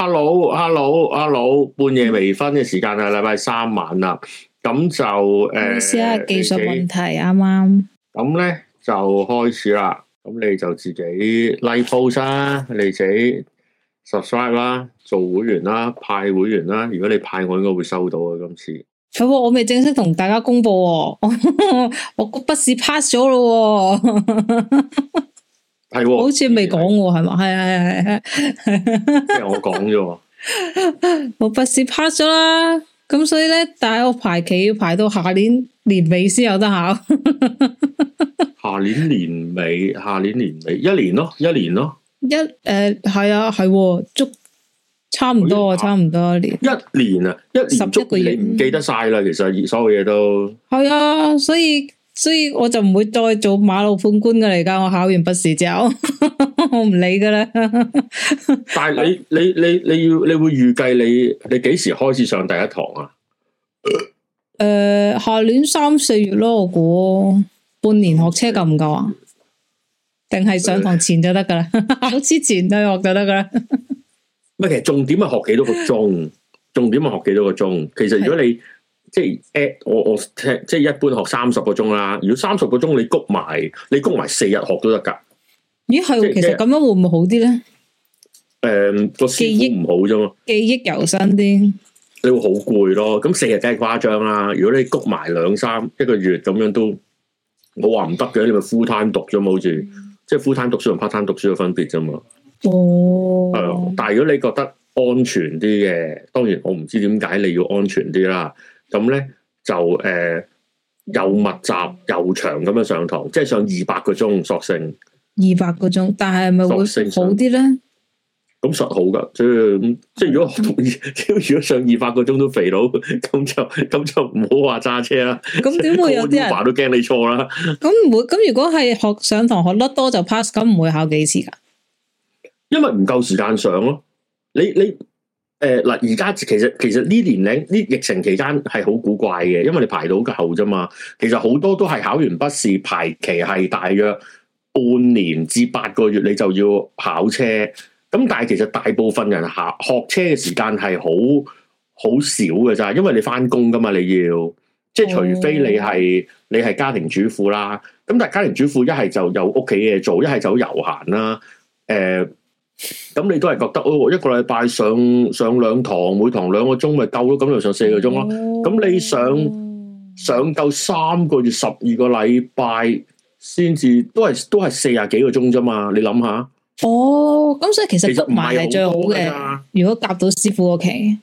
Hello，Hello，Hello，hello, hello, 半夜微醺嘅時間係禮拜三晚啦，咁就誒，呃、技術問題啱啱。咁咧就開始啦，咁你就自己 like post 啦、啊，你自己 subscribe 啦、啊，做會員啦、啊，派會員啦、啊。如果你派我，應該會收到啊。今次，唔好，我未正式同大家公布、哦， 我個筆試 pass 咗咯、哦。 係好似未講喎，係嘛、嗯？係啊，係啊，係啊，即係 我講咗， 我筆試 pass 咗啦，咁所以咧，但係我排期要排到下年年尾先有得考 。下年年尾，下年年尾，一年咯，一年咯。一誒，係啊，係、呃，足差唔多啊，差唔多，差多一，一年。一年啊，一年足，你唔記得晒啦，其實所有嘢都。係啊，所以。所以所 所以我就唔會再做馬路判官嘅嚟，噶，我考完筆試之後， 我唔理噶啦 。但係你你你你要你會預計你你幾時開始上第一堂啊？誒、呃，下年三四月咯，我估半年學車夠唔夠啊？定係上堂前就得噶啦，考之前都學就得噶啦。唔，其實重點係學幾多個鐘，重點係學幾多個鐘。其實如果你。即係 a、欸、我我聽即係一般學三十個鐘啦，如果三十個鐘你谷埋，你谷埋四日學都得噶咦係，即其實咁樣會唔會好啲咧？誒、嗯，個記憶唔好啫嘛，記憶猶新啲。你會好攰咯，咁四日梗係誇張啦。如果你谷埋兩三一個月咁樣都，我話唔得嘅，你咪 full time 讀啫嘛，好似即係 full time 讀書同 part time 讀書嘅分別啫嘛。哦，係咯。但係如果你覺得安全啲嘅，當然我唔知點解你要安全啲啦。咁咧，就誒、呃、又密集又長咁樣上堂，即係上二百個鐘索性。二百個鐘，但係係咪會好啲咧？咁實好噶，即係即係如果同超 如果上二百個鐘都肥佬，咁就咁就唔好話揸車啦。咁點會有啲人爸都驚你錯啦？咁唔會？咁如果係學上堂學得多就 pass，咁唔會考幾次噶？因為唔夠時間上咯，你你。你誒，嗱、呃，而家其實其實呢年齡呢，疫情期間係好古怪嘅，因為你排到夠啫嘛。其實好多都係考完筆試排期係大約半年至八個月，你就要考車。咁但係其實大部分人考學、學車嘅時間係好好少嘅咋，因為你翻工噶嘛，你要即係除非你係你係家庭主婦啦。咁但係家庭主婦一係就有屋企嘢做，一係就悠閒啦。誒、呃。咁你都係覺得哦，一個禮拜上上兩堂，每堂兩個鐘咪夠咯，咁就上四個鐘咯。咁、哦、你上上夠三個月，十二個禮拜先至，都係都係四十幾個鐘啫嘛。你諗下哦，咁、嗯、所以其實谷埋係最好嘅。如果夾到師傅個期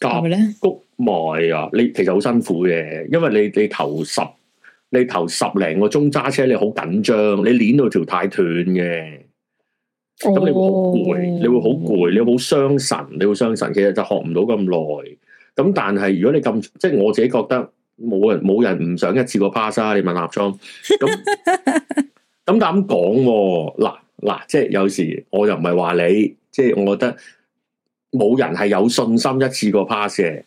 夾咧谷埋啊，是是你其實好辛苦嘅，因為你你頭十你頭十零個鐘揸車，你好緊張，你捻到條太斷嘅。咁你會好攰，你會好攰，你會好傷神，你會傷神。其實就學唔到咁耐。咁但係如果你咁，即係我自己覺得冇人冇人唔想一次過 pass 啊！你問立昌咁咁就咁講嗱嗱，即係有時我又唔係話你，即係我覺得冇人係有信心一次過 pass 嘅，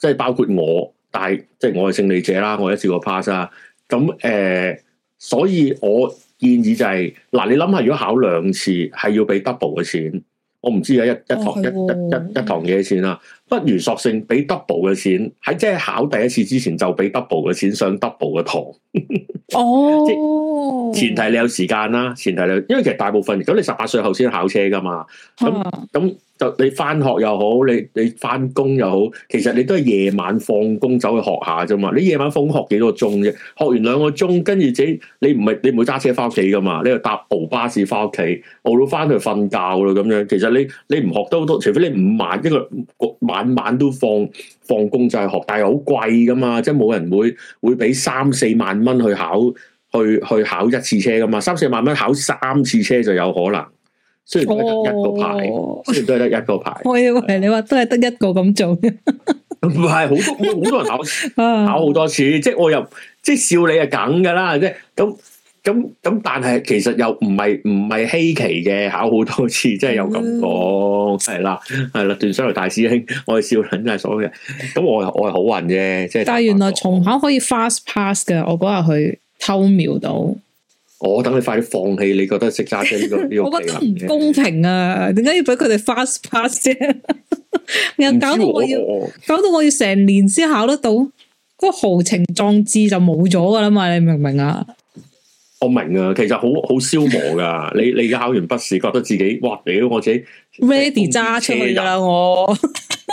即係包括我。但係即係我係勝利者啦，我一次過 pass 啊。咁、呃、誒，所以我。建議就係、是、嗱，你諗下，如果考兩次係要俾 double 嘅錢，我唔知有一一,一,一,一堂一一一一堂幾錢啦、啊，不如索性俾 double 嘅錢喺即係考第一次之前就俾 double 嘅錢上 double 嘅堂。哦 ，oh. 前提你有時間啦，前提你因為其實大部分咁你十八歲後先考車㗎嘛，咁咁。Huh. 你翻學又好，你你翻工又好，其實你都係夜晚放工走去學下啫嘛。你夜晚放學幾多個鐘啫？學完兩個鐘，跟住自己你唔係你唔會揸車翻屋企噶嘛？你又搭鰲巴士翻屋企，鰲到翻去瞓覺咯咁樣。其實你你唔學得好多，除非你五晚一個晚晚都放放工就係學，但係好貴噶嘛，即係冇人會會俾三四萬蚊去考去去考一次車噶嘛？三四萬蚊考三次車就有可能。雖然都係得一個牌，哦、雖然都係得一個牌。我以為你話都係得一個咁做，唔係好多好多人考 考好多次，即係我又即係笑你係梗噶啦，即係咁咁咁，但係其實又唔係唔係稀奇嘅，考好多次即係有咁講係啦，係啦的，段雙大師兄，我係笑你真係爽嘅。咁我我係好運嘅，即係。但係原來重考可以 fast pass 嘅，我嗰日去偷瞄到。我、哦、等你快啲放棄，你覺得識揸車呢個呢、這個 我覺得唔公平啊！點解要俾佢哋 fast pass 啫？又 搞到我要，我搞到我要成年先考得到，嗰豪情壯志就冇咗噶啦嘛！你明唔明啊？我明啊，其實好好消磨噶。 你你而家考完筆試，覺得自己哇！屌我自己 ready 揸出嚟噶啦我。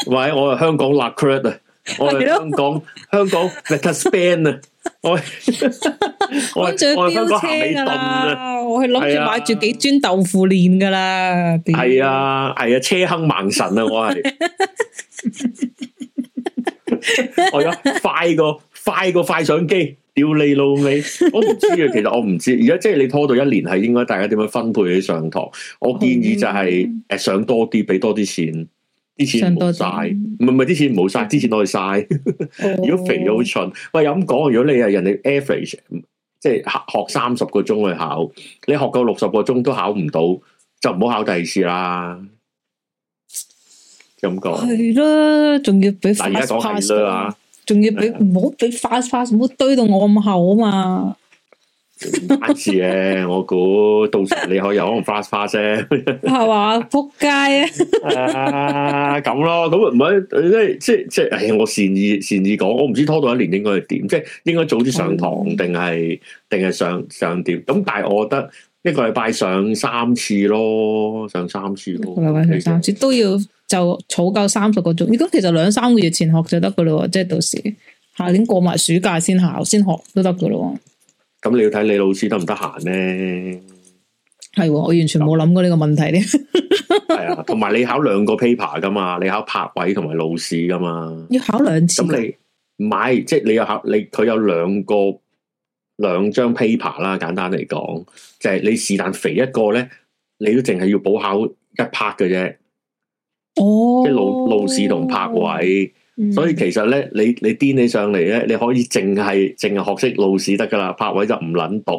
喂，我係香港拿 credit 啊！ 我喺香港， 香港 make span 啊！我我係香港車尾墩啊！我係諗住買住幾樽豆腐鏈噶啦。係啊，係啊，車坑盲神啊！我係 我而家快，快個快個快相機，屌你老味！我唔知啊，其實我唔知。而家即係你拖到一年係應該大家點樣分配上堂？我建議就係誒，上多啲，俾多啲錢。啲錢多晒，唔係唔係啲錢冇晒，啲、哦、錢攞去晒。 如果肥咗好蠢，喂又咁講，如果你係人哋 average，即係學三十個鐘去考，你學夠六十個鐘都考唔到，就唔好考第二次啦。咁講係咯，仲要俾 fast pass 啊，仲要俾唔好俾 fast pass，唔好堆到我咁厚啊嘛。八次嘅，我估到時你可以有可能翻花啫。係話扑街啊！咁咯，咁唔係即係即係即係。唉，我善意善意講，我唔知拖到一年應該係點，即係應該早啲上堂定係定係上上點。咁但係我覺得一個禮拜上三次咯，上三次咯。一個禮拜上三次， 三次都要就儲夠三十個鐘。如果其實兩三個月前學就得噶咯，即係到時下年過埋暑假先考先學，學都得噶咯。咁你要睇你老師得唔得閒咧？係喎，我完全冇諗過呢個問題咧。係 啊，同埋你考兩個 paper 噶嘛，你考泊位同埋路試噶嘛。要考兩次。咁你買即係你有考你佢有兩個兩張 paper 啦，簡單嚟講，就係、是、你是但肥一個咧，你都淨係要補考一 part 嘅啫。哦。即係路路試同泊位。哦。所以其實咧，你你癲起上嚟咧，你可以淨係淨係學識路試得噶啦，泊位就唔撚讀，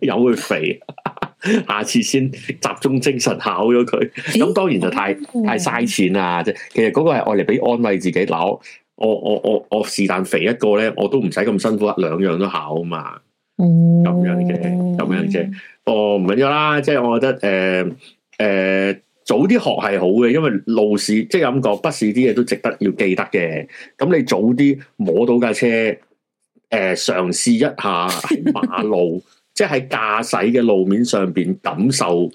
養 佢肥， 下次先集中精神考咗佢。咁咦當然就太咦太嘥錢啦啫。其實嗰個係愛嚟俾安慰自己。嗱，我我我我我是但肥一個咧，我都唔使咁辛苦，兩樣都考啊嘛。咁樣嘅，咁、嗯、樣嘅。哦，唔緊要啦。即、就、係、是、我覺得，誒、呃、誒。呃早啲學係好嘅，因為路試即係咁講，筆試啲嘢都值得要記得嘅。咁你早啲摸到架車，誒嘗試一下喺馬路， 即係喺駕駛嘅路面上邊感受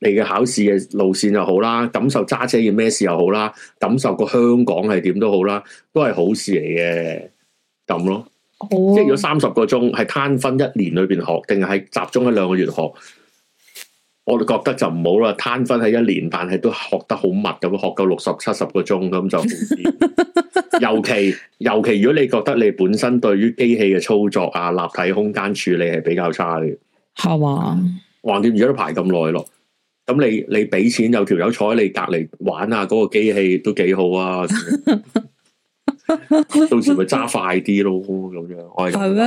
你嘅考試嘅路線又好啦，感受揸車要咩事又好啦，感受個香港係點都好啦，都係好事嚟嘅咁咯。Oh. 即係如果三十個鐘係攤分一年裏邊學，定係集中一兩個月學？我哋覺得就唔好啦，攤分喺一年，但係都學得好密咁，學夠六十七十個鐘咁就 尤。尤其尤其，如果你覺得你本身對於機器嘅操作啊、立體空間處理係比較差嘅，係嘛嗎？橫掂而家都排咁耐咯，咁你你俾錢有條友坐喺你隔籬玩啊，嗰個機器都幾好啊！嗯、到時咪揸快啲咯，咁樣係咩？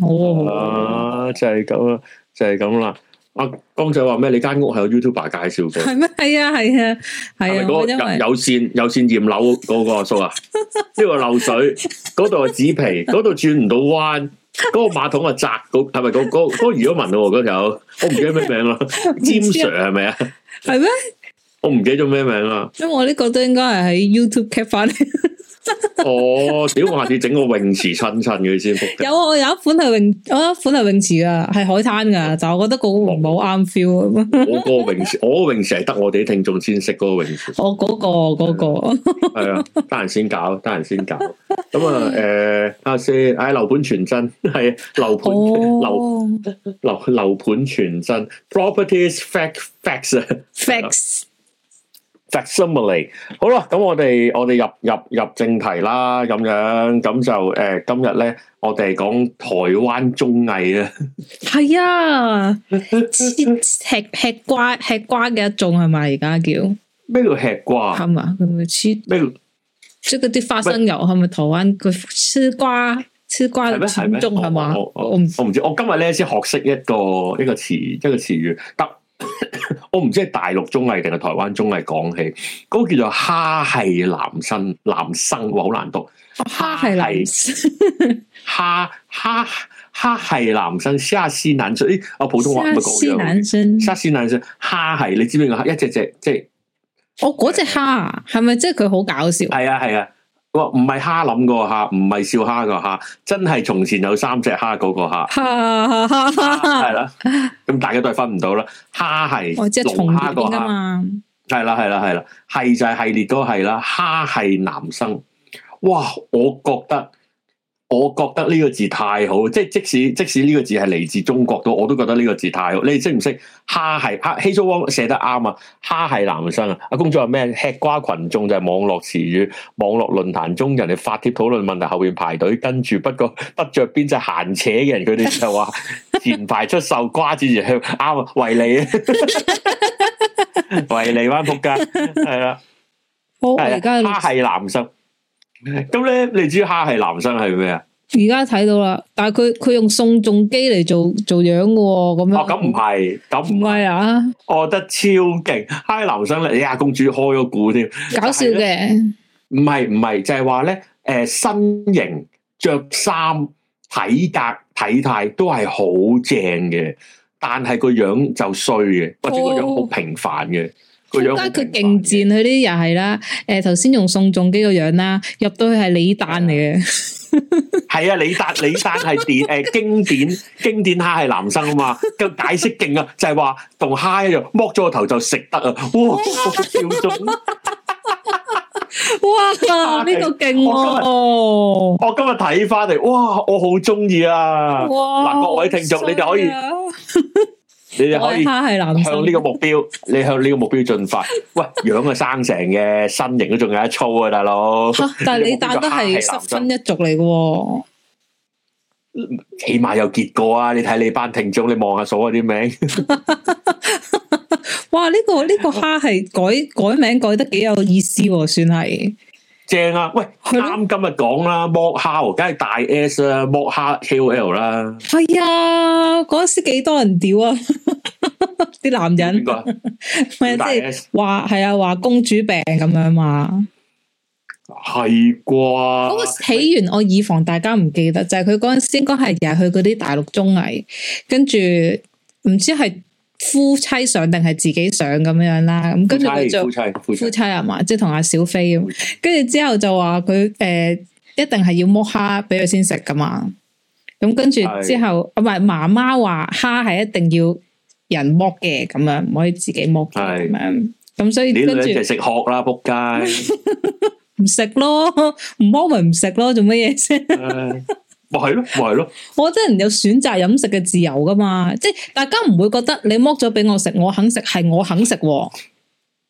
好 嗎啊，就係咁啦，就係咁啦。阿江仔話咩？你間屋係有 YouTuber 介紹嘅，係咩？係啊，係啊，係啊！嗰、嗰個因有，有線有線驗樓嗰個叔，叔啊？呢個 漏水嗰度係紙皮，嗰度轉唔到彎，嗰 個馬桶啊窄，嗰係咪嗰嗰嗰魚咗文嗰條我唔記得咩名咯，James Sir 係咪啊？係咩 嗎？ 我唔記得咗咩名啦。因為我呢個都應該係喺 YouTube c 吸翻。哦，屌、 oh, 哎！我下次整個泳池親親佢先。有我有一款係泳，我有一款係泳，泳池啊，係海灘噶， 就我覺得好唔好啱 feel。Oh, 我個泳池，我個泳池係得我哋啲聽眾先識嗰個泳池。我嗰個嗰個。係、那、啊、個，得 閒先搞，得閒先搞。咁啊， 誒、呃，阿四，唉、哎，樓盤傳真係樓盤樓樓樓盤傳真，properties fact facts facts。好啦，咁、嗯、我哋我哋入入入正題啦，咁樣咁就誒、呃，今日咧我哋講台灣綜藝啊，係啊，吃吃，吃瓜吃瓜嘅一種係咪而家叫咩叫吃瓜係嘛？咩即嗰啲花生油係咪台灣個絲瓜絲瓜嘅一種係嘛？我唔我唔知，我，我，知我，知我今日咧先學識一個一個詞一個詞語得。 我唔知係大陸綜藝定係台灣綜藝講起，嗰、那個叫做蝦係男生，男生我好難讀，蝦係男，蝦蝦蝦係男生，夏西男生，誒，我普通話唔係講嘅，夏西男生，夏西男生，蝦係你知唔知個蝦？一隻隻即係我嗰隻蝦啊，係咪即係佢好搞笑？係啊，係啊。我唔係蝦諗個蝦，唔係笑蝦個蝦，真係從前有三隻蝦嗰個蝦，係啦， 咁大家都係分唔到啦。蝦係龍蝦個蝦，係啦係啦係啦，係就係系列都係啦。蝦係男生，哇，我覺得。我覺得呢個字太好，即係即使即使呢個字係嚟自中國都，我都覺得呢個字太好。你識唔識？蝦係阿 h e 汪 h 寫得啱啊！蝦係男生啊！阿工作係咩？吃瓜群眾就係網絡詞語，網絡論壇中人哋發帖討論問題，後邊排隊跟住，不過不着邊就閒扯嘅人，佢哋就話前排出售瓜子，就係啱啊！維尼，維尼翻仆街，係啦，而家，蝦係男生。咁咧，你知蝦係男生係咩啊？而家睇到啦，但係佢佢用宋仲基嚟做做樣嘅，咁樣哦，咁唔係，咁唔係啊，我覺得超勁。蝦男生咧，你、哎、阿公主開個股添，搞笑嘅，唔係唔係，就係話咧，誒、呃，身形、着衫、體格、體態都係好正嘅，但係個樣就衰嘅，或者、哦、個樣好平凡嘅。而家佢勁賤，佢啲又係啦。誒、欸，頭先用宋仲基個樣啦，入到去係李誕嚟嘅。係 啊，李誕，李誕係點誒經典經典,經典蝦係男生啊嘛。個解釋勁啊，就係話同蝦一樣剝咗個頭就食得啊。哇，哇，呢哇個勁喎、啊。我今日睇翻嚟，哇，我好中意啊。嗱哇，哇各位聽眾，你哋可以。哇哇你哋可以向呢個目標，你向呢個目標進發。喂，樣係生成嘅，身形都仲有得操啊，大佬！吓，但係你打得係，十分一族嚟嘅，起碼有結果啊！你睇你班聽眾，你望下數啲名。哇！呢個呢個蝦係改改名改得幾有意思，算係。正啊！喂，啱今日講啦，摩哈，梗係大 S 啦，哎，摩哈 KOL 啦。係啊，嗰陣時幾多人屌啊？啲男人，咩即係話係啊？話公主病咁樣嘛？係啩吧？嗰個起源的我以防大家唔記得，就係佢嗰陣時，應該係入去嗰啲大陸綜藝，跟住唔知係。夫妻上定係自己上咁樣啦，咁跟住佢就夫妻係嘛，即係同阿小菲咁。跟住妻之後就話佢誒，一定係要剝蝦俾佢先食噶嘛。咁跟住之後，唔係媽媽話蝦係一定要人剝嘅，咁樣唔可以自己剝嘅。咁是所以跟住，佢食殼啦，仆街唔食咯，唔剝咪唔食咯，做乜嘢先？ 咪係咯，咪係咯。哦、我真係唔有選擇飲食嘅自由噶嘛，即係大家唔會覺得你剝咗俾我食，我肯食係我肯食。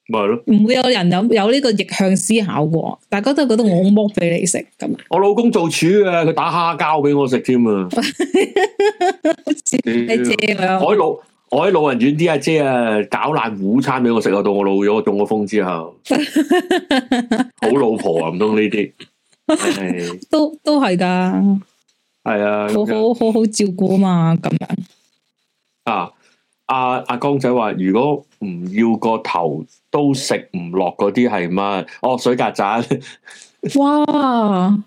咪係咯，唔會有人有有呢個逆向思考過，大家都係覺得我剝俾你食咁。我老公做廚嘅，佢打蝦膠俾我食添啊。阿 姐、姐，我喺老我喺老人院啲阿姐啊，搞爛午餐俾我食啊，到我老咗中咗風之後， 好老、老婆啊，唔通呢啲？都都係噶。係啊，好好好好照顧嘛，咁樣啊。啊，阿阿江仔話，如果唔要個頭都食唔落嗰啲係乜？哦，水曱甴。 哇！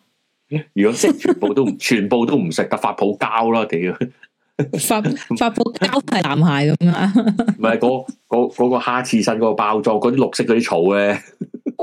如果食全部都，全部都唔食得，發泡膠啦，屌 發發泡膠係難蟹噶嘛？唔係嗰嗰嗰個蝦刺身嗰個包裝，嗰啲綠色嗰啲草咧。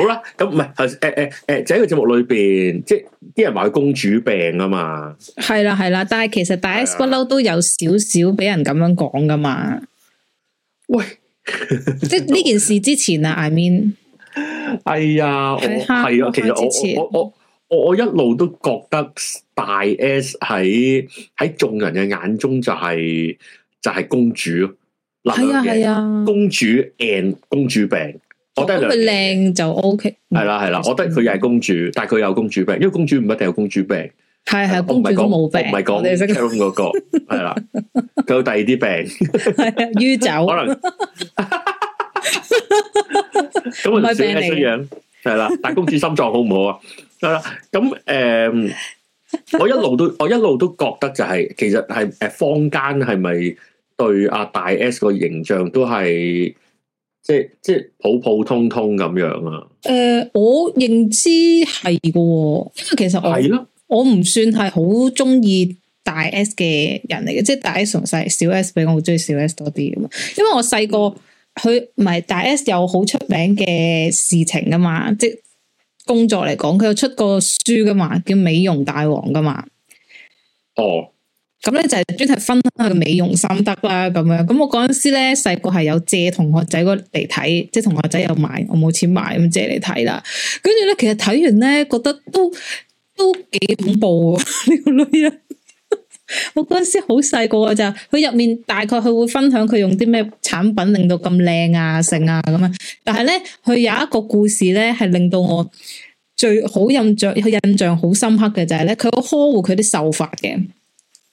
好啦，咁唔係，誒誒誒，就喺個節目裏邊，即係啲人話佢公主病啊嘛。係啦係啦，但係其實大 S 不嬲都有少少俾人咁樣講噶嘛。喂，即係呢件事之前啊 ，I mean，哎呀，係啊，其實我我我我，我一路都覺得大 S 喺喺眾人嘅眼中就係就係公主，係啊係啊，公主 and 公主病。我覺得佢靚就 O、OK, K。係啦係啦，嗯、我覺得佢又係公主，但係佢有公主病，因為公主唔一定有公主病。係係，公主不不都冇病。唔係講，唔係講，我識佢嗰個係啦，佢的有第二啲病。瘀酒， 可能 咁唔係病嚟。係啦，但係公主心臟好唔好啊？得 啦。咁誒、嗯，我一路都我一路都覺得就係、是，其實係誒坊間係咪對阿大 S 個形象都係？即係即係普普通通咁樣啊？誒、呃，我認知係嘅、哦，因為其實我的我唔算係好中意大 S 嘅人嚟嘅，即係大 S 同細小 S，比我好中意小 S 多啲噶嘛。因為我細個佢唔係大 S，有好出名嘅事情噶嘛，即係工作嚟講，佢有出過書噶嘛，叫《美容大王》噶嘛。哦。咁咧就係專題分享嘅美容心得啦，咁樣，咁我嗰陣時咧細個係有借同學仔嚟睇，即係同學仔有買，我冇錢買咁借嚟睇啦。跟住咧，其實睇完咧覺得都都幾恐怖呢 個女人。 我嗰陣時好細個嘅咋，佢入面大概佢會分享佢用啲咩產品令到咁靚啊成啊咁啊。但係咧，佢有一個故事咧係令到我最好印象，印象好深刻嘅就係、是、咧，佢好呵護佢啲秀髮嘅。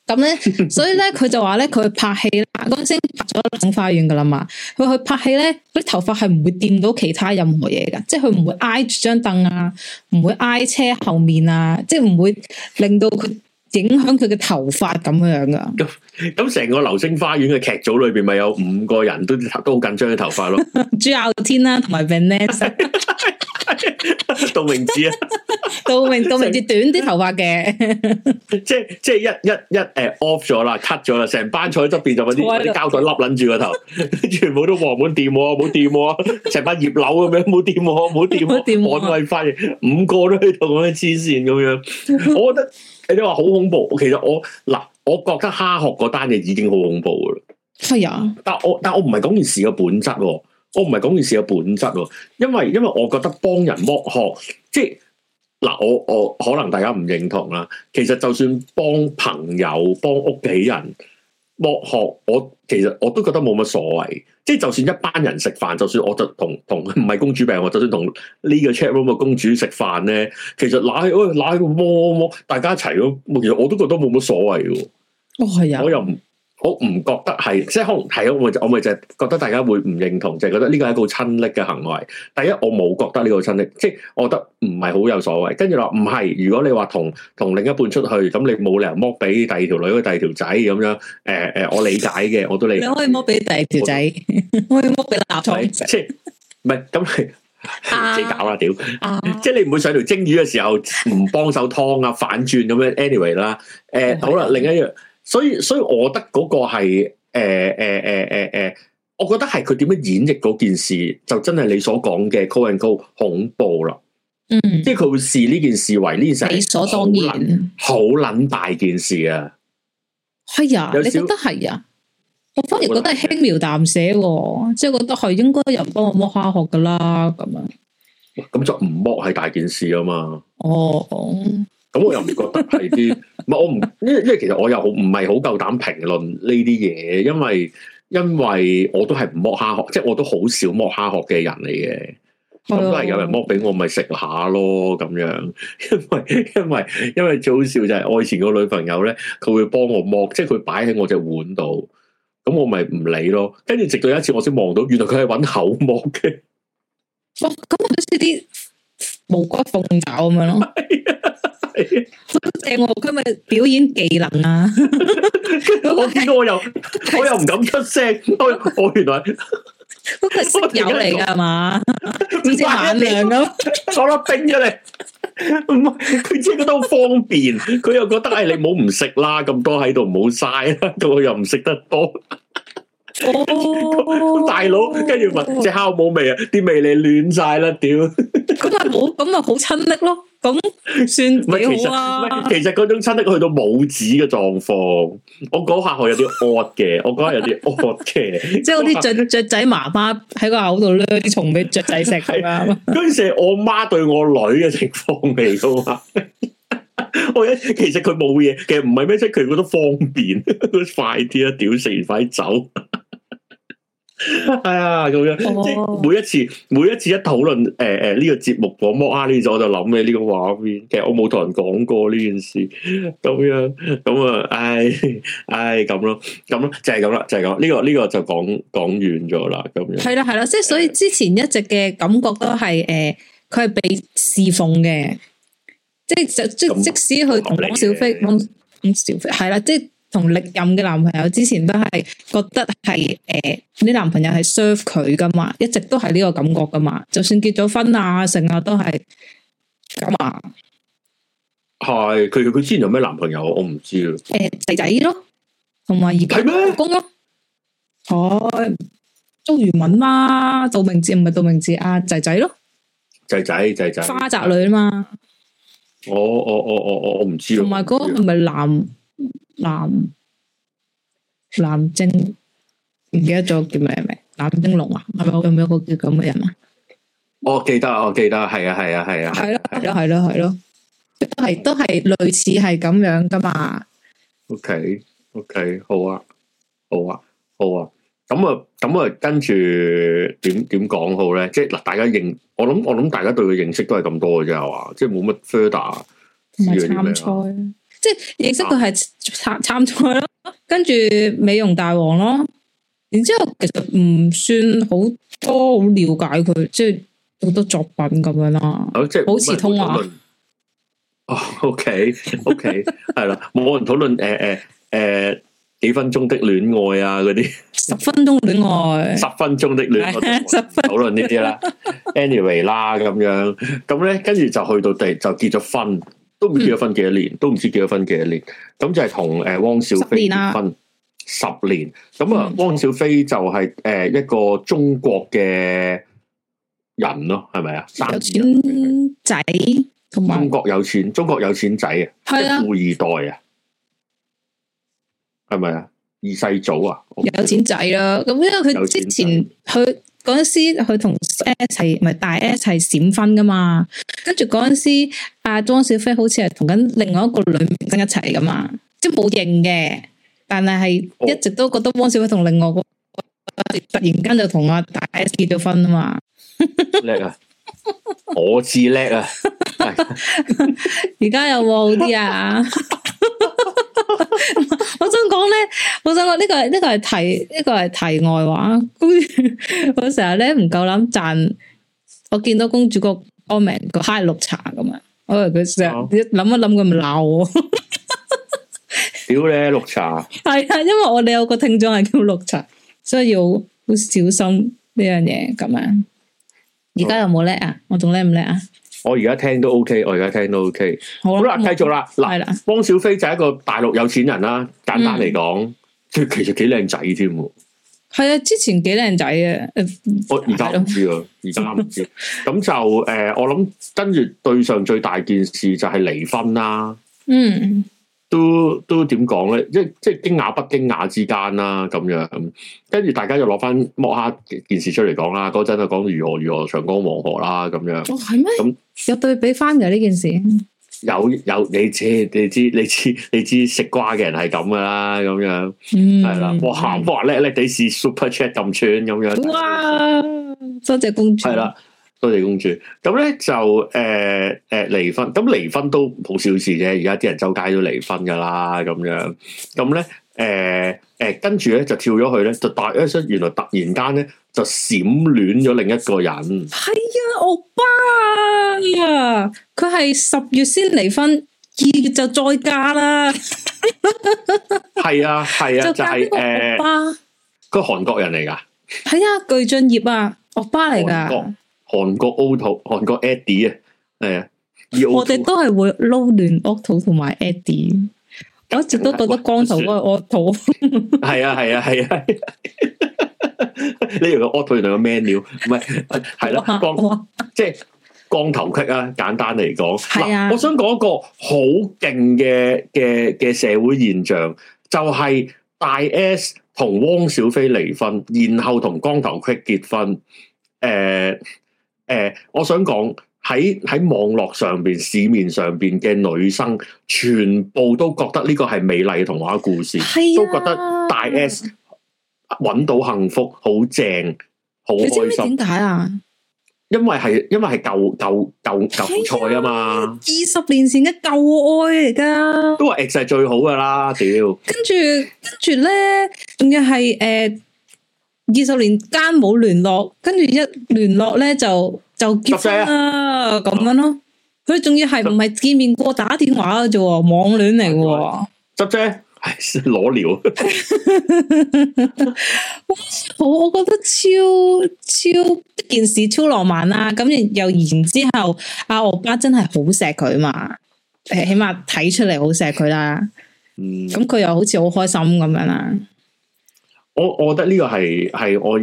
咁咧， 所以咧，佢就話咧，佢拍戲啦，嗰陣時拍咗《流星花園》噶啦嘛，佢去拍戲咧，佢啲頭髮係唔會掂到其他任何嘢噶，即係佢唔會挨住張凳啊，唔會挨車後面啊，即係唔會令到佢影響佢嘅頭髮咁樣樣噶。咁成、 嗯嗯、個《流星花園》嘅劇組裏邊，咪、就是、有五個人都都好緊張嘅頭髮咯。 朱孝天啦、啊，同埋 Vanessa。 杜明治啊，杜明杜明治短啲頭髮嘅，即係即係一一一誒、uh, off 咗啦，cut 咗啦，成班坐喺側邊就揾啲啲膠袋笠捻住個頭，全部都黃滿掂，冇掂，成班葉柳咁樣，冇掂冇掂，我都係發現五個都喺度講啲黐線咁樣，我覺得你都話好恐怖，其實我嗱，我覺得蝦殼嗰單嘢已經好恐怖啦，係啊，但我但我唔係講件事嘅本質。我唔係講件事嘅本質咯，因為因為我覺得幫人剝殼，即係嗱，我我可能大家唔認同啦。其實就算幫朋友、幫屋企人剝殼，我其實我都覺得冇乜所謂。即係就算一班人食飯，就算我就同同唔係公主病，我就算同呢個 Chat Room 嘅公主食飯咧，其實攞去餵攞去剝剝，大家一齊咁，其實我都覺得冇乜所謂嘅。謂哦係啊，我又唔。我唔覺得係，即係可能係咯，我咪就我覺得大家會唔認同，就係覺得呢個係一個親昵嘅行為。第一，我冇覺得呢個親昵，即係我覺得唔係好有所謂。跟住話唔係，如果你話同同另一半出去，咁你冇理由剝俾第二條女、第二條仔咁樣。誒誒，我理解嘅，我都理解。你可以剝俾第二條仔，可以剝俾男仔。即係唔係咁自己搞啦，屌！即係你唔會上條蒸魚嘅時候，唔幫手湯啊，反轉咁樣。anyway 啦，誒，好啦，另一樣。所以，所以我覺得嗰個係，誒誒誒誒我覺得係佢點樣演繹嗰件事，就真係你所講嘅 Call and go」恐怖啦。嗯，即係佢會視呢件事為呢件事，理所當然，好撚大件事啊！係啊、哎呀，有少，你覺得係啊，我反而覺得係輕描淡寫喎，即係覺得係應該有人幫我剝蝦殼噶啦咁啊。咁就唔剝係大件事啊嘛。哦。咁我又唔覺得係啲，唔係我唔，因因為其實我又唔係好夠膽評論呢啲嘢，因為因為我都係唔剝蝦殼，即係我都好少剝蝦殼嘅人嚟嘅。咁都係有人剝俾我，咪食下咯咁樣。因為因為因為最好笑就係我以前個女朋友咧，佢會幫我剝，即係佢擺喺我隻碗度，咁我咪唔理咯。跟住直到有一次我先望到，原來佢係揾口剝嘅。哇！咁好似啲無骨鳳爪咁樣咯。借我今日表演技能啊？ 我我又 其實 我又唔敢出聲我，我原來， 友來 不過有嚟噶嘛？唔知眼量咯、啊，攞粒冰出嚟，唔係佢知唔知都好方便？佢 又覺得係你冇唔食啦，咁多喺度唔好嘥啦，佢 又唔食得多。 哦，大佬， 跟住問只烤冇味啊，啲味你亂晒啦，屌！咁咪冇，咁咪好親昵咯，咁算幾好啊？其實嗰種親昵去到母子嘅狀況，我講下學有啲惡嘅，我講有啲惡嘅，即係嗰啲雀雀仔媽媽喺個口度甩啲蟲俾雀仔食係嘛？嗰 時我媽對我女嘅情況嚟噶嘛？我 其實佢冇嘢，其實唔係咩，即係佢覺得方便，佢快啲啊，屌食完快啲走。係啊，咁、哎、樣即係、oh. 每一次，每一次一討論誒誒呢個節目我摸啊呢種，我就諗起呢個畫面。其實我冇同人講過呢件事，咁樣咁啊，唉唉咁咯，咁咯就係咁啦，就係咁。呢、這個呢、這個就講講遠咗啦，咁樣係啦係啦，即係所以之前一直嘅感覺都係誒，佢、呃、係被侍奉嘅，即係即即即使去同小飛講小飛係啦，即係。同歷任嘅男朋友之前都係覺得係誒，啲、呃、男朋友係 serve 佢噶嘛，一直都係呢個感覺噶嘛，就算結咗婚啊，成日都係咁啊。係佢佢之前有咩男朋友我唔知啊。誒仔仔咯，同埋而家老公咯，係嘛、哎、周渝民嘛？道明寺唔係道明寺啊，仔仔咯，仔仔仔仔，花澤類啊嘛。我我我我我唔知。同埋嗰個係咪男？藍、藍正，唔記得咗叫咩名？藍正龍啊，係咪有冇一個叫咁嘅人啊？我、oh, 記得，我記得，係啊，係啊，係啊，係咯、啊，係咯、啊，係咯、啊，係咯、啊啊啊，都係都係類似係咁樣噶嘛。OK，OK，okay, okay, 好啊，好啊，好啊。咁、嗯、啊，咁、嗯、啊，跟住點點講好咧？即係嗱，大家認我諗我諗，大家對佢認識都係咁多嘅啫，係嘛？即係冇乜 further 資源咩？即係認識佢係參參賽咯，跟住美容大王咯，然之後其實唔算好多好了解佢，即係好多作品咁樣啦、哦。即係保持通話。人哦，OK OK，係啦， 冇人討論誒誒誒幾分鐘的戀愛啊嗰啲。十分鐘戀愛。 十分鐘的戀愛。 十分鐘。討論呢啲啦，anyway 啦咁樣，咁咧跟住就去到地就結咗婚。都唔知幾多分幾多年，嗯、年，都唔知幾多分幾多年。咁就係同誒汪小菲結婚十年，啊、十年。咁啊，汪小菲就係誒一個中國嘅人咯，係咪啊？三有錢仔同埋中國有錢，中國有錢仔啊，係啊有，富二代啊，係咪啊？二世祖啊，有錢仔啦。咁因為佢之前佢。嗰陣時佢同 S 係唔係大 S 係閃婚噶嘛？跟住嗰陣時阿汪小菲好似係同緊另外一個女明星一齊噶嘛，即係冇認嘅，但係係一直都覺得汪小菲同另外個突然間就同阿大 S 結咗婚啊嘛，叻 啊，我至叻啊，而家有冇好啲啊。 我想講咧，我想講呢個係呢、這個係題，呢、這個係題外話。公主我成日咧唔夠膽讚，我見到公主哥阿明個嗨綠茶咁啊，我以為佢成日諗一諗佢咪鬧我。 屌你綠茶！係啊，因為我哋有個聽眾係叫綠茶，所以要好小心呢樣嘢咁啊。而家有冇叻啊？好我仲叻唔叻啊？我而家聽都 OK，我而家聽都 OK。好啦了，繼好續啦，嗱，係啦，汪小菲就係一個大陸有錢人啦，簡單嚟講，佢、嗯、其實幾靚仔添喎。係啊，之前幾靚仔嘅。我而家唔知啊，而家唔知。咁就誒，我諗跟住對上最大件事就係離婚啦。嗯。都都點講咧？即即驚訝不驚訝之間啦，咁樣跟住大家就攞翻摸下件事出嚟講啦。嗰陣就講如何如何，長江黃河啦，咁樣哦係咩？咁樣有對比翻嘅呢件事？有有你知你知你知你知，你知食瓜嘅人係咁噶啦，咁樣係、嗯、啦。哇哇叻叻抵似 Super Chat 咁串咁樣。哇！多謝公主係啦。多謝公主，咁、嗯、咧，就誒誒離婚，咁、嗯、離婚都好小事啫。而家啲人周街都離婚噶啦，咁樣，咁咧誒誒跟住咧就跳咗去咧，就突然出，原來突然間咧就閃戀咗另一個人。係啊，歐巴啊，佢係十月先離婚，二月就再嫁啦。係 啊，係啊，就係誒，個韓、就是呃、國人嚟噶，係啊，具俊燁啊，歐巴嚟噶。韓國奧土韓國 e d i 啊、哎，係啊是，我哋都係會撈亂奧土同埋 e d i e 我一直都覺得光頭嗰個奧土，係啊係啊係啊，呢個奧土原來個 man u 唔係係啦，即係光頭 que 啊，簡單嚟講，嗱、啊，我想講一個好勁嘅嘅嘅社會現象，就係、是、大 S 同汪小菲離婚，然後同光頭 que 結婚，誒、呃。誒、呃，我想講喺喺網絡上邊、市面上邊嘅女生，全部都覺得呢個係美麗童話故事，啊、都覺得大 S 搵到幸福，好正，好開心。點解啊？因為係因為係舊舊舊舊菜嘛啊嘛！二十年前嘅舊愛嚟噶，都話 X 係最好噶啦，屌！跟住跟住咧，仲要係誒。呃二十年間冇聯絡，跟住一聯絡咧就就結婚咁、啊、樣咯。佢仲要係唔係見面過打電話嘅啫，網戀嚟嘅。執啫，攞料。哇， 我我覺得超超一件事超浪漫啦、啊。咁然又然之後，阿我家真係好錫佢嘛，起碼睇出嚟好錫佢啦。咁佢、嗯、又好似好開心咁樣啦、啊。我我覺得呢個係係我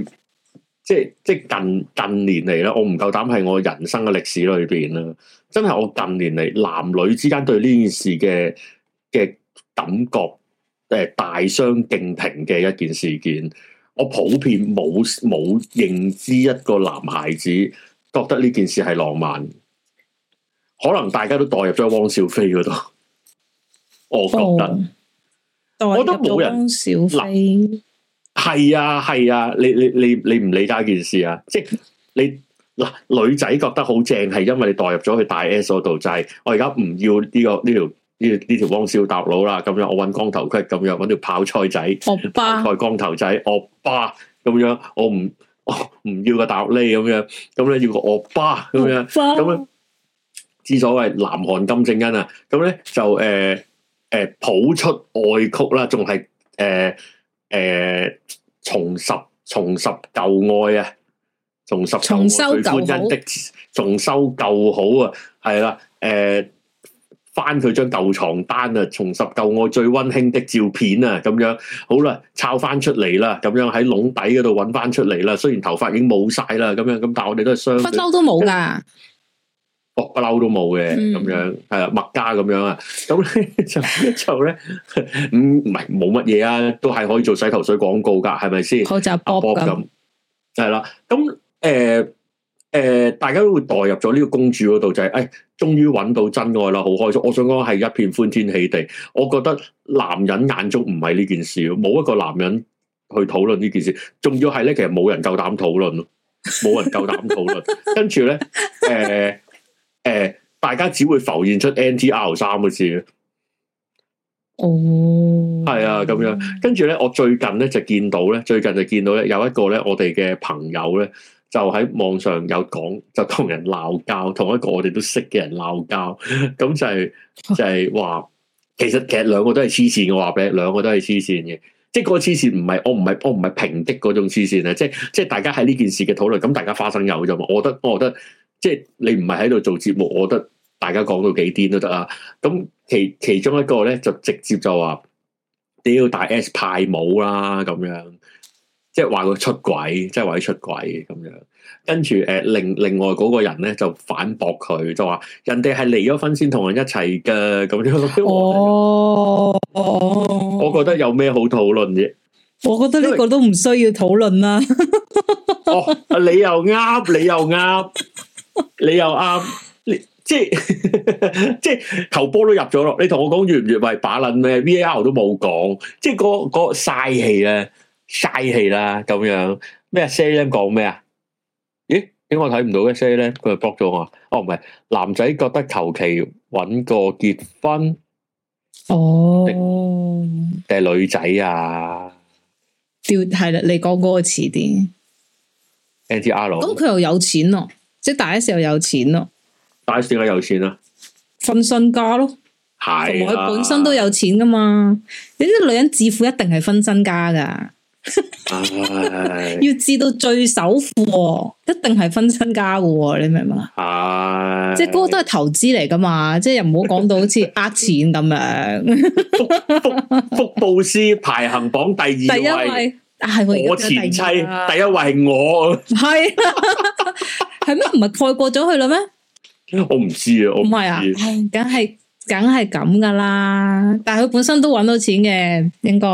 即係即係近近年嚟咧，我唔夠膽係我人生嘅歷史裏邊啦。真係我近年嚟男女之間對呢件事嘅嘅感覺誒大相徑庭嘅一件事件。我普遍冇冇認知一個男孩子覺得呢件事係浪漫，可能大家都代入咗汪小菲嗰度，我覺得，哦，代入咗汪小菲。係啊，係啊，你你你你唔理解件事啊，即係你嗱女仔覺得好正係因為你代入咗去大 S 嗰度，就係、是、我而家唔要呢、這個呢條呢呢條汪少搭佬啦，咁樣我搵光頭骨，咁樣搵條泡菜仔，我爸巴，菜光頭仔，我爸咁樣，我唔我唔要個達利咁樣，咁咧要個我爸咁樣，咁咧，之所謂南韓金正恩啊，咁咧就誒誒抱出外曲啦，仲係誒。呃誒、呃，重拾重拾舊愛啊，重拾重修舊好的，重修舊好啊，係啦，誒，翻佢張舊床單啊，重拾舊愛最溫馨的照片啊，咁樣，好啦，抄翻出嚟啦，咁樣喺籠底嗰度揾翻出嚟啦，雖然頭髮已經冇晒啦，咁樣，咁但係我哋都係雙，不嬲都冇噶。哦，不嬲都冇嘅，咁樣，係啦、嗯，麥家咁樣啊，咁咧 就就咧，咁唔係冇乜嘢啊，都係可以做洗頭水廣告噶，係咪先？好、啊啊 Bob 樣，就咁咁係啦，咁誒誒，大家都會代入咗呢個公主嗰度，就係、是、誒、哎，終於揾到真愛啦，好開心！我想講係一片歡天喜地。我覺得男人眼中唔係呢件事，冇一個男人去討論呢件事，仲要係咧，其實冇人夠膽討論，冇人夠膽討論。 跟住咧，誒、呃。誒，大家只會浮現出 NTR 三個字，哦、嗯，係啊，咁樣。跟住咧，我最近咧就見到咧，最近就見到咧，有一個咧，我哋嘅朋友咧，就喺網上有講，就同人鬧交，同一個我哋都識嘅人鬧交，咁、 嗯、 就係就係話，其實其實兩個都係黐線嘅話，俾你兩個都係黐線嘅，即係嗰個黐線唔係，我唔係，我唔係平的嗰種黐線啊，即係即係大家喺呢件事嘅討論，咁大家花生友啫嘛？我覺得，我覺得。即係你唔係喺度做節目，我覺得大家講到幾癲都得啦。咁其其中一個咧就直接就話要大 S 派舞啦，咁樣即係話佢出軌，即係話佢出軌咁樣。跟住誒，另另外嗰個人咧就反駁佢，就話人哋係離咗婚先同人一齊嘅，咁樣。哦、我覺得有咩好討論啫？我覺得呢個都唔需要討論啦。你又啱，你又啱。 你又啱，你即係 即係球波都入咗咯。你同我講越唔越喂把撚咩？V A R 都冇講，即係個個晒氣咧，晒氣啦咁樣。咩？Say 咧講咩啊？咦？點解我睇唔到咧？Say 咧佢就 block 咗我。哦，唔係男仔覺得求其搵個結婚哦，定係女仔啊？屌係啦，你講歌詞啲 N T R。咁佢又有錢咯。即係大 S 又有錢咯，大 S 點解有錢啊？分身家咯，係佢、啊、本身都有錢噶嘛？你啲女人致富一定係分身家噶， 要至到最首富、哦，一定係分身家噶，你明唔、啊、嘛？係即係嗰個都係投資嚟噶嘛？即係又唔好講到好似呃錢咁樣。 福福，福布斯排行榜第二第一位。係我前妻，第一位係我 ，係係咩？唔係蓋過咗佢啦咩？我唔知啊，唔係啊，梗係梗係咁噶啦。但係佢本身都揾到錢嘅，應該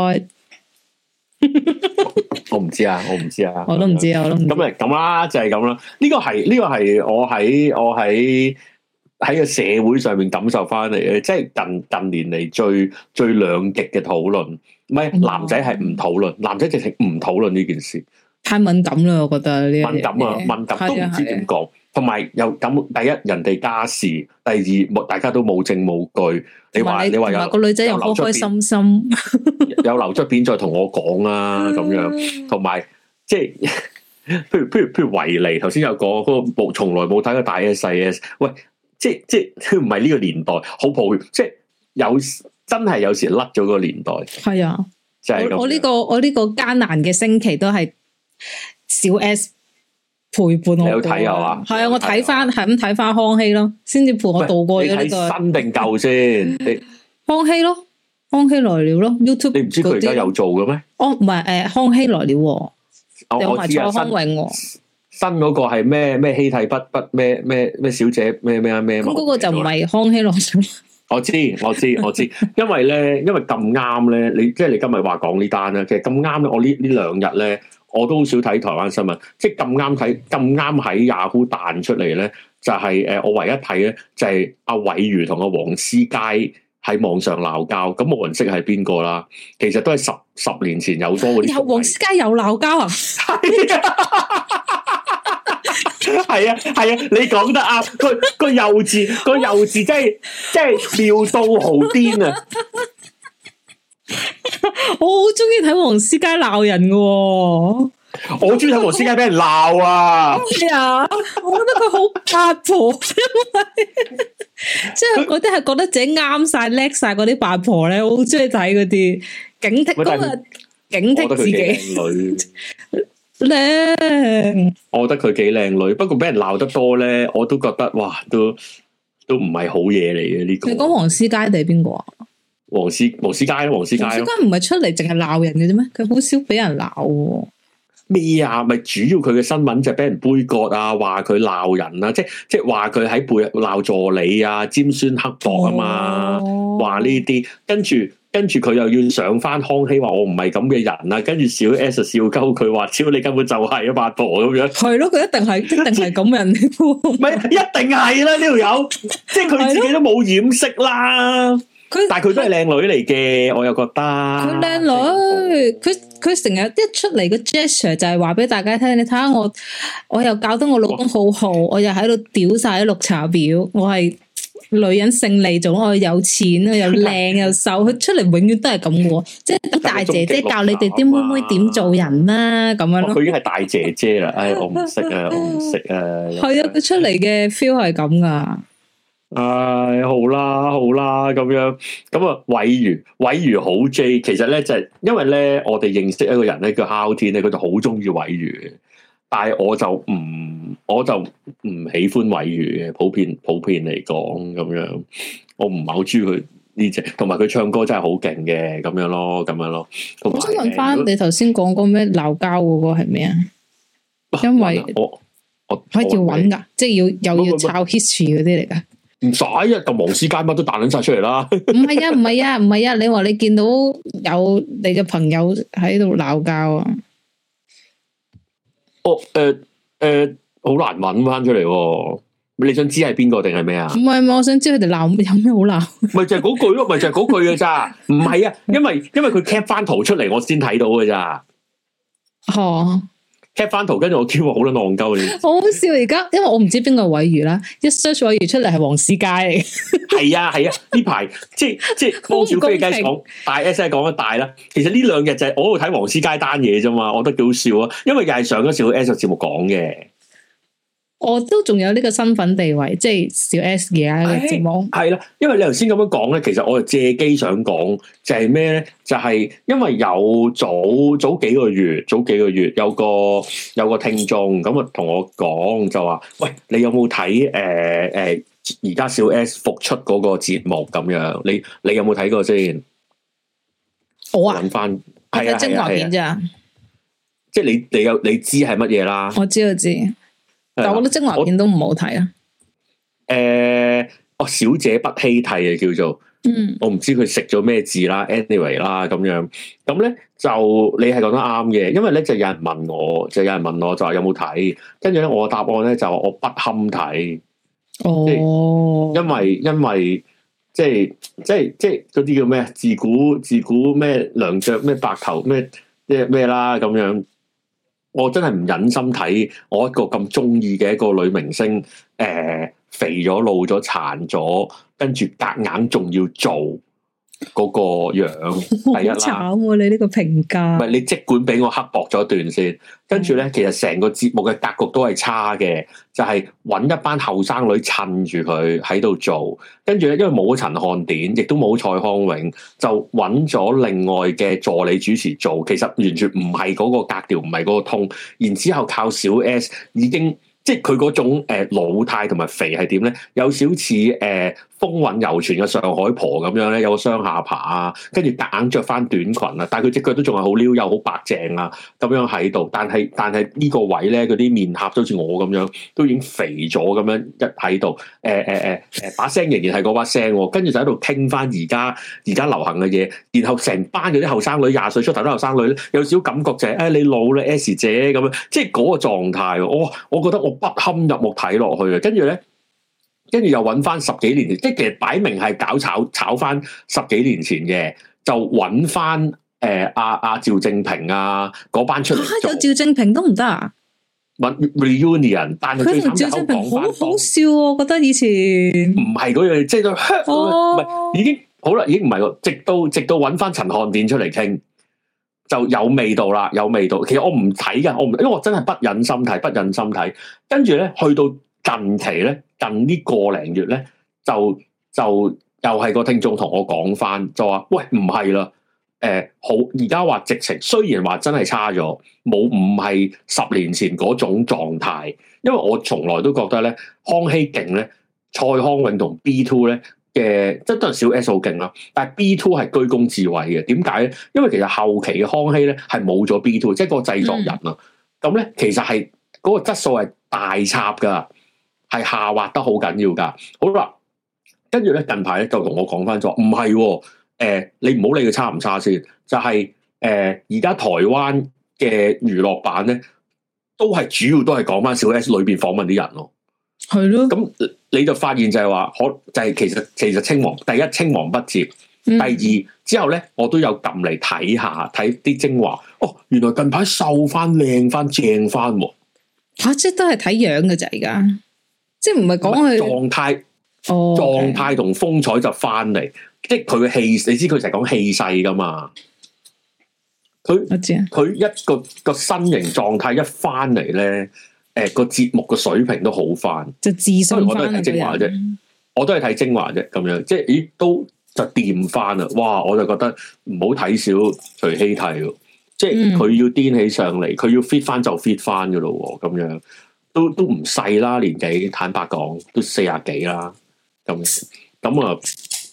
我唔知啊，我唔知啊，我都唔知啊吧，我都唔咁咪，咁啦，就係咁啦。呢個係呢個係我喺我喺喺個社會上面感受翻嚟嘅，即係近近年嚟最最兩極嘅討論。唔係男仔係唔討論，男仔直情唔討論呢件事，太敏感啦！我覺得呢啲敏感啊，yeah, 敏感都唔知點講，同埋太是 又咁，第一人哋家，家事，第二冇大家都冇證冇據，你話你話個女仔又開開心心，有流出，出片再同我講啊咁樣，同埋即係，譬如譬如譬如維尼頭先有講嗰個冇從來冇睇過大 S 細 S，喂，即係即係唔係呢個年代好普遍，即係有。真係有時甩咗個年代，係啊！我我呢個我呢個艱難嘅星期都係小 S 陪伴我。你有睇啊？係啊，我睇翻係咁睇翻康熙咯，先至陪我度過呢個新定舊先。康熙咯，康熙來了咯。YouTube 你唔知佢而家有做嘅咩？哦，唔係誒，康熙來了，有埋蔡康永，新嗰個係咩咩希替不不咩咩咩小姐咩咩啊咩？咁嗰個就唔係康熙來了。我知我知我知，因為咧，因為咁啱咧，你即係你今日話講呢單咧，其實咁啱咧，我呢呢兩日咧，我都好少睇台灣新聞，即係咁啱睇，咁啱喺 Yahoo 彈出嚟咧，就係，誒，呃，我唯一睇咧就係阿偉如同阿黃思佳喺網上鬧交，咁冇人認識係邊個啦，其實都係十十年前有多。黃思佳有鬧交啊！ 係 啊，係啊，你講得啱，佢個幼稚，個幼稚真係 真係笑到好癲啊！ 我好中意睇王思佳鬧人嘅、哦， 我中意睇王思佳俾人鬧啊！係啊，我覺得佢好八婆，因為即係嗰啲係覺得自己啱晒叻晒嗰啲八婆咧，我好中意睇嗰啲警惕嗰是個警惕自己女。 靚，我覺得佢幾靚女，不過俾人鬧得多咧，我都覺得哇，都都唔係好嘢嚟嘅呢個。你講黃思佳定係邊個啊？黃思黃思佳咯，黃思佳。黃思佳唔係出嚟淨係鬧人嘅啫咩？佢好少俾人鬧。咩啊？咪主要佢嘅新聞就俾人杯葛啊，話佢鬧人啦，啊，即即係話佢喺背鬧助理啊，尖酸刻薄啊嘛，話呢啲，跟住。跟住佢又要上翻康熙話我唔係咁嘅人啊。」跟住小 S，小 S，小 S 笑鳩佢話，超，你根本就係啊八婆咁樣，係咯佢一定係一定係咁嘅人唔係一定係啦呢條友，即係佢自己都冇掩飾啦。佢 他但係佢都係靚女嚟嘅，我又覺得佢靚女，佢佢成日一出嚟個 gesture 就係話俾大家聽，你睇下我我又搞得我老公好好，哇我又喺度屌晒啲綠茶婊，我係。女人勝利，總愛有錢，又靚 又瘦，佢出嚟永遠都係咁嘅，即係大姐姐教你哋啲妹妹點做人啦、啊，咁樣咯。佢、哦、已經係大姐姐啦，唉、 哎，我唔識啊，我唔識啊。係、哎、啊，佢 出嚟嘅 feel 係咁噶。唉、哎，好啦，好啦，咁樣，咁啊，偉如，偉如好 J，其實咧就係、是、因為咧，我哋認識一個人咧，叫秋天咧，佢就好中意偉如。但係我就唔，我就唔喜歡韋語嘅，普遍普遍嚟講咁樣，我唔係好中意佢呢隻，同埋佢唱歌真係好勁嘅，咁樣咯，咁樣咯。我想問翻你頭先講個咩鬧交嗰個係咩啊？因為、啊、我我喺要搵噶，即係要又要抄 history 嗰啲嚟噶是，唔使啊，個毛絲街乜都彈甩出嚟啦。唔 係啊，唔係啊，唔係啊，你話你見到有你嘅朋友喺度鬧交啊？哦，誒、呃、誒，好、呃、難搵翻出嚟，你想知係邊個定係咩啊？唔係，我想知佢哋鬧有咩好鬧？咪 就係嗰句咯，咪就係嗰句嘅咋。唔係啊，因為因為佢 cap 翻圖出嚟，我先睇到嘅咋。哦。cap 翻圖，跟住我 Q 我好撚戇鳩你，好好笑而家，因為我唔知邊個位魚啦，一 search 位魚出嚟係黃思佳嚟，係啊係啊，呢排、啊、 即係即係幫小菲雞講大 S，即係講一大啦。其實呢兩日就係我喺度睇黃思佳單嘢啫嘛，我覺得幾好笑啊，因為又係上一次個 S 節 到 目講嘅。我都仲有呢個身份地位，即係小 S 而家嘅節目係啦，因為你頭先咁樣講咧，其實我借機想講就係咩咧，就係、是、因為有早早幾個月、早幾個月有個有個聽眾咁啊，同我講就話，喂，你有冇睇誒誒而家小 S 復出嗰個節目咁樣？你你有冇睇過先？我啊，揾翻係啊，精華片咋？即係、啊啊、你你有你知係乜嘢啦我？我知道知。但係我覺得精華片都唔好睇啊。誒，哦、欸，小姐不稀睇啊，叫做，嗯，我唔知佢食咗咩字啦，anyway 啦，咁樣，咁咧就你係講得啱嘅，因為咧就有人問我，就有人問我就話有冇睇，跟住咧我答案咧就我不堪睇，哦因，因為因為即係即係即係嗰啲叫咩自古自古咩良將咩白頭咩咩咩啦咁樣。我真係唔忍心睇我一個咁中意嘅一個女明星，誒、呃，肥咗、老咗、殘咗，跟住隔眼仲要做。嗰個樣第一啦 啊，你呢個評價唔係，你即管俾我刻薄咗段先，跟住咧，其實成個節目嘅格局都係差嘅，就係、是、揾一班後生女襯住佢喺度做，跟住咧，因為冇陳漢典，亦都冇蔡康永，就揾咗另外嘅助理主持做，其實完全唔係嗰個格調，唔係嗰個通，然之後靠小 S 已經即係佢嗰種誒、呃、老態同埋肥係點咧，有少少似誒。呃風韻猶存嘅上海婆咁樣咧，有個雙下巴，著著啊，跟住硬着翻短裙啊，但係佢隻腳都仲係好溜又好白淨啊，咁樣喺度。但係但係呢個位咧，嗰啲面頰都好似我咁樣，都已經肥咗咁樣一喺度。誒誒誒誒，把聲仍然係嗰把聲，跟住就喺度聽翻而家而家流行嘅嘢。然後成班嗰啲後生女廿歲出頭啲後生女咧，有少少感覺就係、是、誒、哎、你老啦 S 姐咁樣，即係嗰個狀態。我我覺得我不堪入目睇落去嘅，跟住咧。跟住又揾翻十幾年前，即係其實擺明係搞炒炒翻十幾年前嘅，就揾翻誒阿阿趙正平啊嗰班出嚟、啊。有趙正平都唔得啊！揾 reunion，但係佢同趙正平回好好笑啊、哦！我覺得以前唔係嗰樣，即、就、係、是、都唔係已經好啦，已經唔係喎。直到直到揾翻陳漢典出嚟傾，就有味道啦，有味道。其實我唔睇嘅，我唔因為我真係不忍心睇，不忍心睇。跟住咧，去到。近期咧，近呢個零月咧，就就又係個聽眾同我講返，就話：喂，唔係啦，誒、呃，好而家話直情，雖然話真係差咗，冇唔係十年前嗰種狀態。因為我從來都覺得咧，康熙勁咧，蔡康永同 B Two 咧嘅，即係都係小 S 好勁啦。但係 B Two 係居功至偉嘅，點解咧？因為其實後期嘅康熙咧，係冇咗 B Two，即係個製作人啊。咁咧、嗯，其實係嗰、那個質素係大插噶。係下滑得好緊要噶。好啦，跟住咧，近排咧就同我講翻咗，唔係誒，你唔好理佢差唔差先，就係誒而家台灣嘅娛樂版咧，都係主要都係講翻小 S 裏邊訪問啲人咯。係咯是的。咁你就發現就係話，可就係其實其實青黃，第一青黃不接，第二、嗯、之後咧，我都有撳嚟睇下睇啲精華。哦，原來近排瘦翻、靚翻、正翻喎、啊。嚇、啊！即都係睇樣嘅啫，而家。即係唔係講佢狀態，狀態同風采就翻嚟，Okay. 即係佢嘅氣，你知佢成日講氣勢噶嘛？佢佢一個一個身形狀態一翻嚟咧，誒、呃、個節目嘅水平都好翻，就自信。我都係睇精華啫，人我都係睇精華啫。咁樣即係咦，都就掂翻啦！哇，我就覺得唔好睇少徐熙娣，即係佢、嗯、要癲起上嚟，佢要 fit 翻就 fit 翻噶咯，咁樣。都都唔細啦，年紀坦白講都四十幾啦，咁咁啊，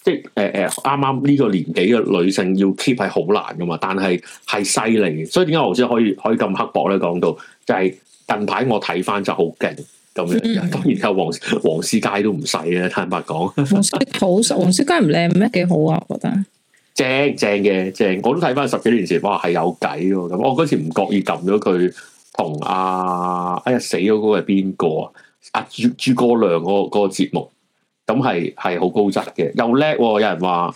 即係誒誒，啱啱呢個年紀嘅女性要 keep 係好難噶嘛但係係犀利嘅，所以點解我好似可以可以咁刻薄咧？講到就係、是、近排我睇翻就好勁，咁、嗯、當然有黃黃師佳都唔細啦，坦白講，黃師好，黃師佳唔靚咩？幾好啊，我覺得正正嘅正，我都睇翻十幾年前，哇係有計喎，咁我嗰次唔覺意撳咗佢。同啊哎呀死咗嗰個係邊個啊？阿朱朱哥亮，那個個節目咁係係好高質嘅，又叻喎，啊，有人話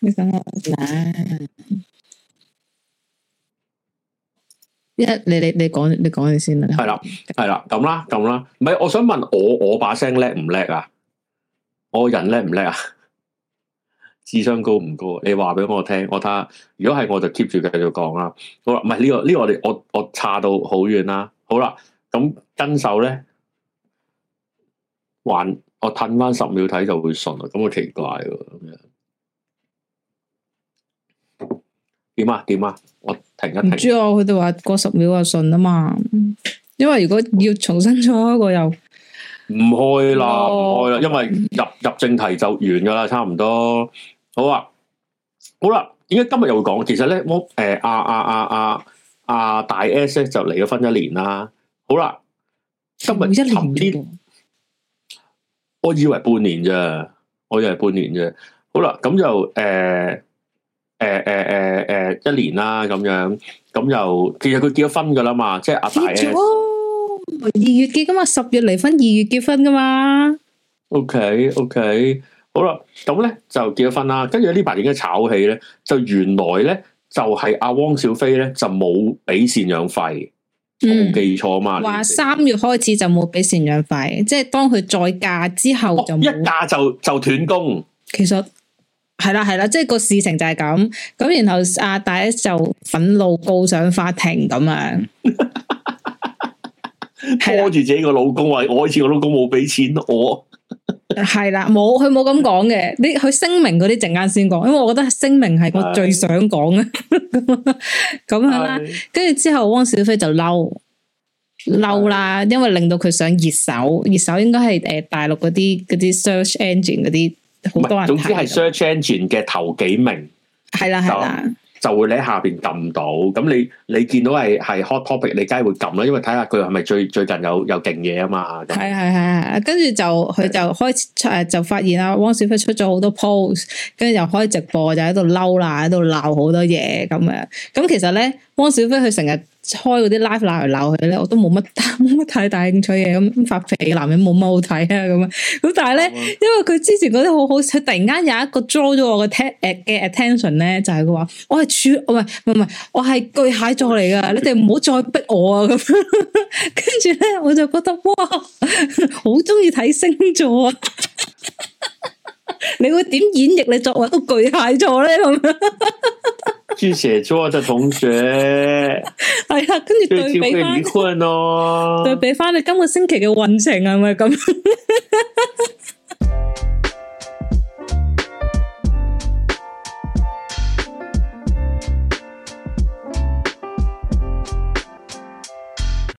你想我喊喊？一，你你你講你講你先啦，係啦係啦，咁啦咁啦，唔係我想問我我把聲叻唔叻啊？我人叻唔叻啊？智商高唔高？你話俾我聽，我睇下。如果係、這個這個，我就 keep 住繼續講啦。好啦，唔係呢個呢個，我哋我我差到好遠啦。好啦，咁跟手咧，還我褪翻十秒睇就會順啦。咁好奇怪喎，咁樣點啊點啊？我停一停。唔知啊，佢哋話過十秒就順啊嘛。因為如果要重新再一個又。唔開啦，唔開啦，因為入入正題就完噶啦，差唔多。好啊，好啦、啊，點解今日又會講？其實咧，我誒阿啊啊，阿、啊、阿、啊、大 S 就離咗婚一年啦。好啦、啊，十零一年我，我以為半年啫，我以為半年啫。好啦、啊，咁就誒誒誒誒誒一年啦，咁樣，咁就，其實佢結咗婚噶啦嘛，即係阿大 S, S。二月結噶嘛，十月離婚，二月結婚噶嘛。OK，OK，okay, okay. 好啦，咁咧就結咗婚啦。跟住呢排點解炒起咧？就原來咧就係、是、阿汪小菲咧就冇俾贍養費，嗯、我冇記錯啊嘛。話三月開始就冇俾贍養費，嗯、即係當佢再嫁之後就、哦、一嫁就就斷供。其實係啦係啦，即係個事情就係咁。咁然後阿大 S 就憤怒告上法庭咁樣。 拖住自己個老公，話我以前我老公冇俾錢我，係啦，冇佢冇咁講嘅，你佢聲明嗰啲陣間先講，因為我覺得聲明係我最想講嘅，咁樣啦，跟住之後汪小菲就嬲嬲啦，因為令到佢上熱搜，熱搜應該係誒大陸嗰啲啲 search engine 嗰啲好多人，總之係 search engine 嘅頭幾名，係啦係啦。是是是就會喺下邊撳到，咁你你見到係係 hot topic，你梗係會撳啦，因為睇下佢係咪最最近有有勁嘢啊嘛。係係係係，跟住就佢就開始出誒，就發現啦，汪小菲出咗好多 post，跟住又開始直播，就喺度嬲啦，喺度鬧好多嘢咁樣。咁其實咧，汪小菲佢成日開嗰啲 live 嚟鬧佢咧，我都冇乜冇乜太大興趣嘅，咁發肥嘅男人冇乜好睇啊咁啊。咁但係咧， 因為佢之前嗰啲好好，佢突然間有一個 draw 咗我嘅 take 誒嘅 attention 咧，就係佢話我係處唔係唔係我係巨蟹座嚟噶，你哋唔好再逼我啊咁。跟住咧，我就覺得哇，好中意睇星座啊！ 你會點演繹你作為個巨蟹座咧咁？ 巨蟹座嘅同學，係啊， 跟 住、 哎、對比翻咯，對比翻你今個星期嘅運程係咪咁？是